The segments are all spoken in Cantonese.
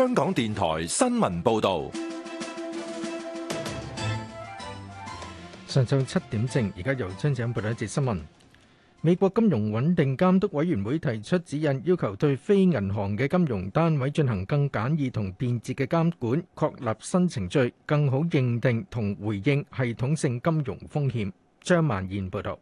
香港電台新聞報道。上晝七點正，而家由張子欣報道一節新聞。美國金融穩定監督委員會提出指引，要求對非銀行嘅金融單位進行更簡易同便捷嘅監管，確立新程序，更好認定同回應系統性金融風險。張曼燕報道。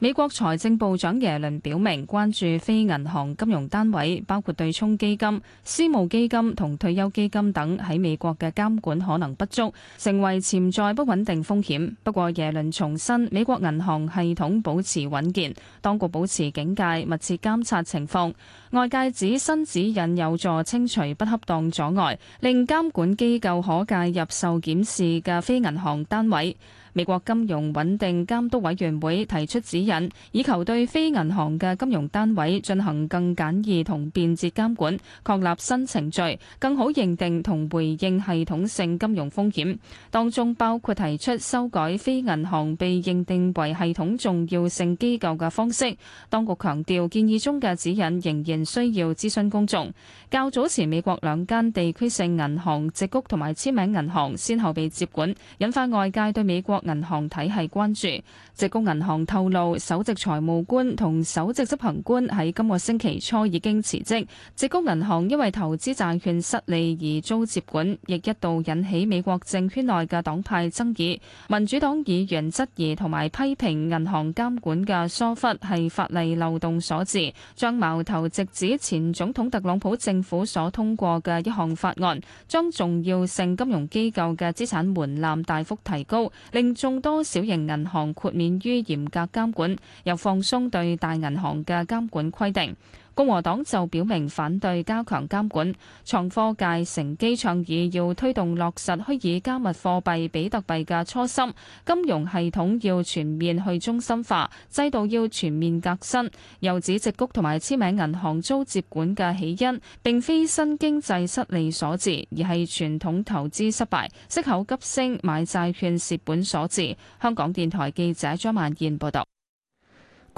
美國財政部長耶倫表明，關注非銀行金融單位，包括對沖基金、私募基金同退休基金等喺美國嘅監管可能不足，成為潛在不穩定風險。不過，耶倫重申美國銀行系統保持穩健，當局保持警戒，密切監察情況。外界指新指引有助清除不恰當阻礙，令監管機構可介入受檢視嘅非銀行單位。美國金融穩定監督委員會提出指引，以求對非銀行嘅金融單位進行更簡易同便捷監管，確立新程序，更好認定同回應系統性金融風險。當中包括提出修改非銀行被認定為系統重要性機構嘅方式。當局強調，建議中嘅指引仍然需要諮詢公眾。較早前美國兩間地區性銀行矽谷同埋簽名銀行，先後被接管，引發外界對美國銀行體系關注。矽谷銀行透露，首席財務官同首席執行官喺今個星期初已經辭職。矽谷銀行因為投資債券失利而遭接管，亦一度引起美國政圈內嘅黨派爭議。民主黨議員質疑同埋批評銀行監管嘅疏忽係法例漏洞所致，將矛頭直。指前總統特朗普政府所通過嘅一項法案，將重要性金融機構嘅資產門檻大幅提高，令眾多小型銀行豁免於嚴格監管，又放鬆對大銀行嘅監管規定。共和黨就表明反對加強監管，創科界乘機倡議要推動落實虛擬加密貨幣比特幣嘅初心，金融系統要全面去中心化，制度要全面革新。又指矽谷同埋簽名銀行遭接管嘅起因並非新經濟失利所致，而係傳統投資失敗、息口急升買債券蝕本所致。香港電台記者張曼燕報道。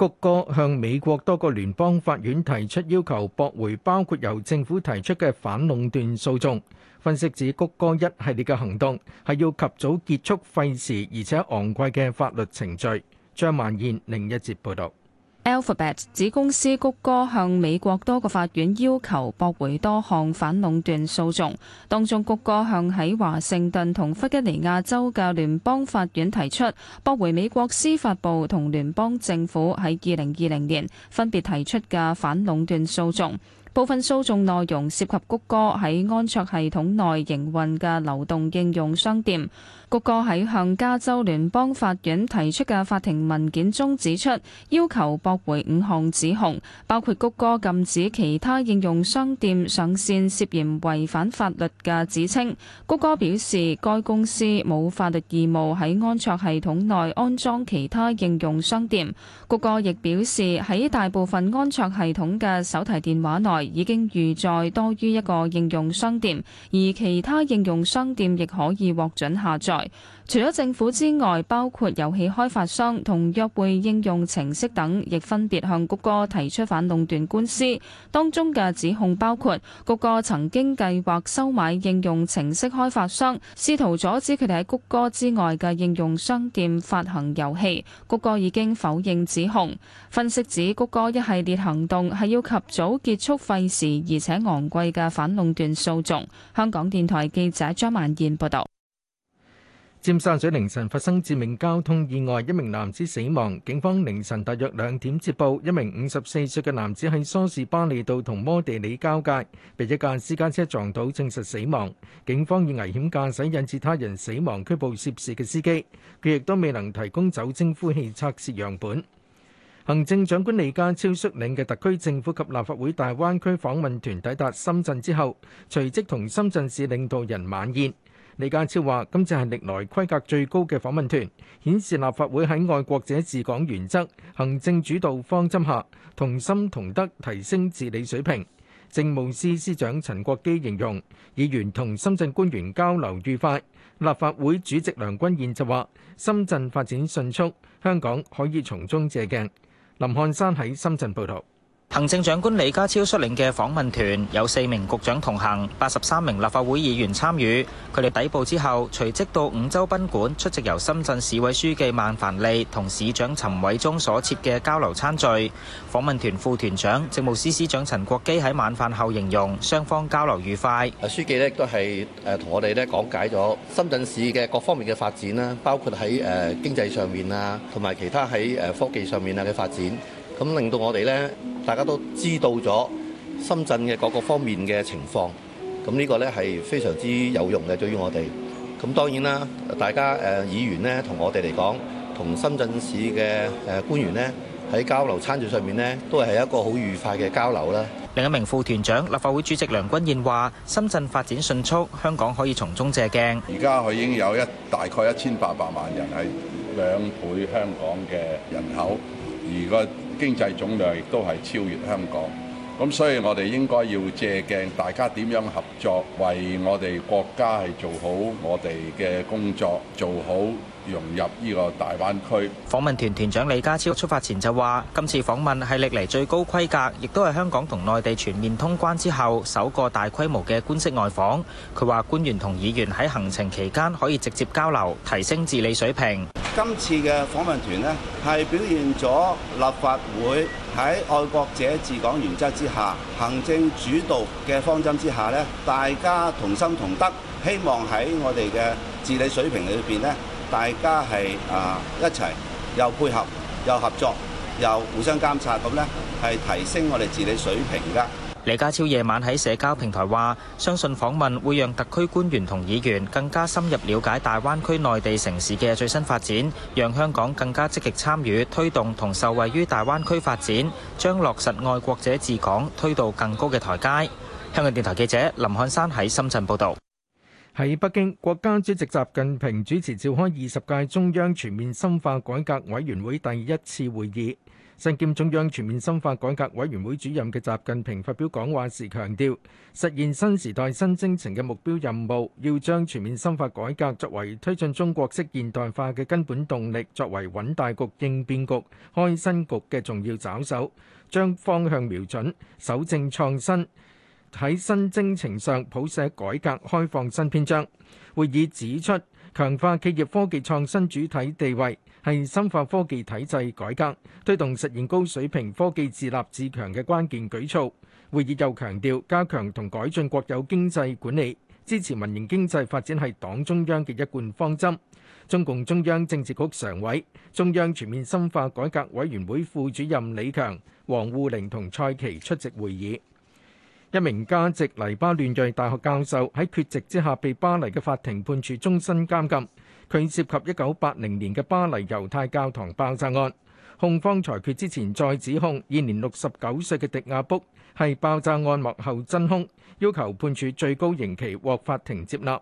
谷歌向美國多個聯邦法院提出要求，駁回包括由政府提出嘅反壟斷訴訟。分析指，谷歌一系列嘅行動係要及早結束費時而且昂貴嘅法律程序。張萬燕另一節報道。Alphabet 子公司谷歌向美國多個法院要求駁回多項反壟斷訴訟。當中，谷歌向喺華盛頓同弗吉尼亞州嘅聯邦法院提出駁回美國司法部同聯邦政府喺二零二零年分別提出嘅反壟斷訴訟。部分訴訟內容涉及谷歌喺安卓系統內營運嘅流動應用商店。谷歌喺向加州聯邦法院提出嘅法庭文件中指出，要求駁回五項指控，包括谷歌禁止其他應用商店上線涉嫌違反法律嘅指稱。谷歌表示，該公司冇法律義務喺安卓系統內安裝其他應用商店。谷歌亦表示，喺大部分安卓系統嘅手提電話內，已經預載多於一個應用商店，而其他應用商店亦可以獲准下載。除咗政府之外，包括遊戲開發商同約會應用程式等，亦分別向谷歌提出反壟斷官司。當中嘅指控包括谷歌曾經計劃收買應用程式開發商，試圖阻止佢哋喺谷歌之外嘅應用商店發行遊戲。谷歌已經否認指控。分析指，谷歌一系列行動係要及早結束。費時而且昂貴嘅反壟斷訴訟。香港電台記者張曼燕報道。尖沙咀凌晨發生致命交通意外，一名男子死亡。警方凌晨大約兩點接報，一名五十四歲嘅男子喺梳士巴利道同摩地里交界，被一架私家車撞倒，證實死亡。警方以危險駕駛引致他人死亡，拘捕涉事嘅司機，佢亦都未能提供酒精呼氣測試樣本。行政長官李家超率領嘅特區政府及立法會大灣區訪問團抵達深圳之後，隨即同深圳市領導人晚宴。李家超話：今次係歷來規格最高嘅訪問團，顯示立法會喺愛國者治港原則、行政主導方針下，同心同德提升治理水平。政務司司長陳國基形容議員同深圳官員交流愉快。立法會主席梁君彥就話：深圳發展迅速，香港可以從中借鏡。林漢山喺深圳報道。行政長官李家超率領嘅訪問團有四名局長同行，八十三名立法會議員參與。佢哋抵埗之後，隨即到五洲賓館出席由深圳市委書記孟凡利同市長陳偉忠所設嘅交流餐聚。訪問團副團長政務司司長陳國基喺晚飯後形容，雙方交流愉快。誒，書記咧都係誒同我哋咧講解咗深圳市嘅各方面嘅發展啦，包括喺誒、呃、經濟上面啊，同埋其他喺誒、呃、科技上面啊嘅發展。咁令到我哋咧，大家都知道咗深圳嘅各個方面嘅情況，咁呢個咧係非常之有用嘅，對於我哋。咁當然啦，大家誒議員咧同我哋嚟講，同深圳市嘅誒官員咧喺交流餐聚上面咧，都係一個好愉快嘅交流啦。另一名副團長立法會主席梁君彥話，深圳發展迅速，香港可以從中借鏡，而家佢已經有一大概一千八百萬人係兩倍香港嘅人口，如果，經濟總量亦都係超越香港，咁所以我哋應該要借鏡大家點樣合作，為我哋國家係做好我哋嘅工作，做好融入呢個大灣區。訪問團團長李家超出發前就話，今次訪問係歷嚟最高規格，亦都係香港同內地全面通關之後，首個大規模嘅官式外訪，佢話官員同議員喺行程期間可以直接交流，提升治理水平。hạcười 今次嘅訪問團呢，係表現咗立法會喺愛國者治港原則之下，行政主導嘅方針之下，大家同心同德，希望喺我哋嘅治理水平裏面，大家係啊一齊又配合又合作又互相監察，噉呢，係提升我哋治理水平㗎。李家超夜晚喺社交平台話，相信訪問會讓特區官員同議員更加深入了解大灣區內地城市嘅最新發展，讓香港更加積極參與推動同受惠於大灣區發展，將落實愛國者治港推到更高嘅台階。香港電台記者林漢山喺深圳報道。喺北京，國家主席習近平主持召開二十屆中央全面深化改革委員會第一次會議。兼中央全面深化改革委員會主任嘅習近平發表講話時強調，實現新時代新征程嘅目標任務，要將全面深化改革作為推進中國式現代化嘅根本動力，作為穩大局、應變局、開新局嘅重要抓手，將方向瞄準、守正創新喺新征程上譜寫改革開放新篇章。會議指出，強化企業科技創新主體地位。係深化科技體制改革、推動實現高水平科技自立自強嘅關鍵舉措。會議又強調加強同改進國有經濟管理、支持民營經濟發展係黨中央嘅一貫方針。中共中央政治局常委、中央全面深化改革委員會副主任李強、王滬寧同蔡奇出席會議。一名加籍黎巴嫩裔大學教授喺缺席之下被巴黎嘅法庭判處終身監禁。佢涉及一九八零年嘅巴黎猶太教堂爆炸案，控方裁決之前再指控現年六十九歲嘅迪亞卜係爆炸案幕後真凶，要求判處最高刑期獲法庭接納。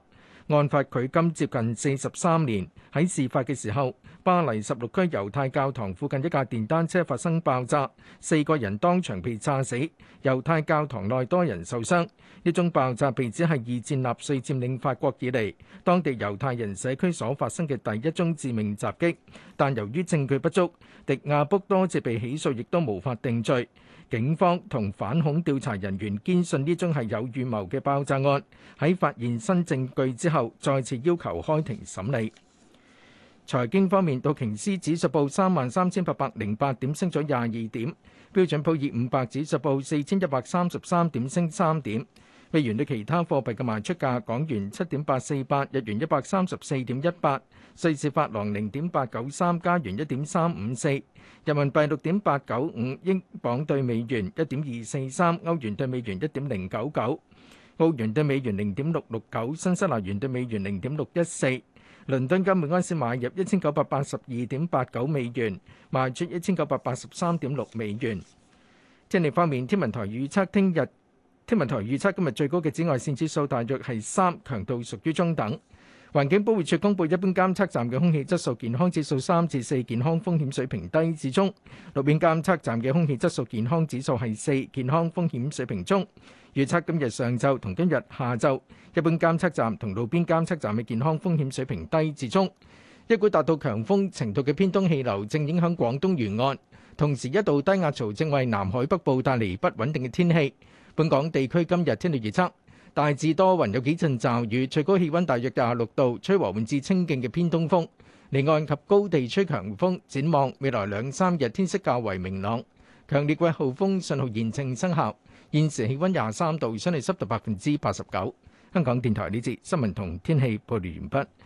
案發距今接近四十三年。喺事發嘅時候，巴黎十六區猶太教堂附近一架電單車發生爆炸，四個人當場被炸死，猶太教堂內多人受傷。呢宗爆炸被指係二戰納粹佔領法國以嚟，當地猶太人社區所發生嘅第一宗致命襲擊。但由於證據不足，迪亞卜多次被起訴，亦都無法定罪。警方同反恐調查人員堅信呢宗係有預謀嘅爆炸案。喺發現新證據之後，再次要求開庭審理。財經方面，道瓊斯指數報三萬三千八百零八點，升咗廿二點；標準普爾五百指數報四千一百三十三點，升三點。美元對其他貨幣嘅賣出價：港元七點八四八，日元一百三十四點一八，瑞士法郎零點八九三，加元一點三五四，人民幣六點八九五，英鎊兌美元一點二四三，歐元兌美元一點零九九。澳元對美元零點六六九，新西蘭元對美元零點六一四，倫敦金每安士買入一千九百八十二點八九美元，賣出一千九百八十三點六美元。天氣方面，天文台預測聽日，天文台預測今日最高嘅紫外線指數大約係三，強度屬於中等。環境保護署公布，一般監測站嘅空氣質素健康指數三至四，健康風險水平低至中；路邊監測站嘅空氣質素健康指數係四，健康風險水平中。預測今日上晝同今日下晝，一般監測站同路邊監測站嘅健康風險水平低至中。一股達到強風程度嘅偏東氣流正影響廣東沿岸，同時一道低壓槽正為南海北部帶嚟不穩定嘅天氣。本港地區今日天氣預測。大致多雲，有幾陣驟雨，最高氣溫大約廿六度，吹和緩至清勁嘅偏東風，離岸及高地吹強風。展望未來兩三日，天色較為明朗，強烈季候風信號現正生效。現時氣溫廿三度，相對濕度百分之八十九。香港電台呢節新聞同天氣報道完畢。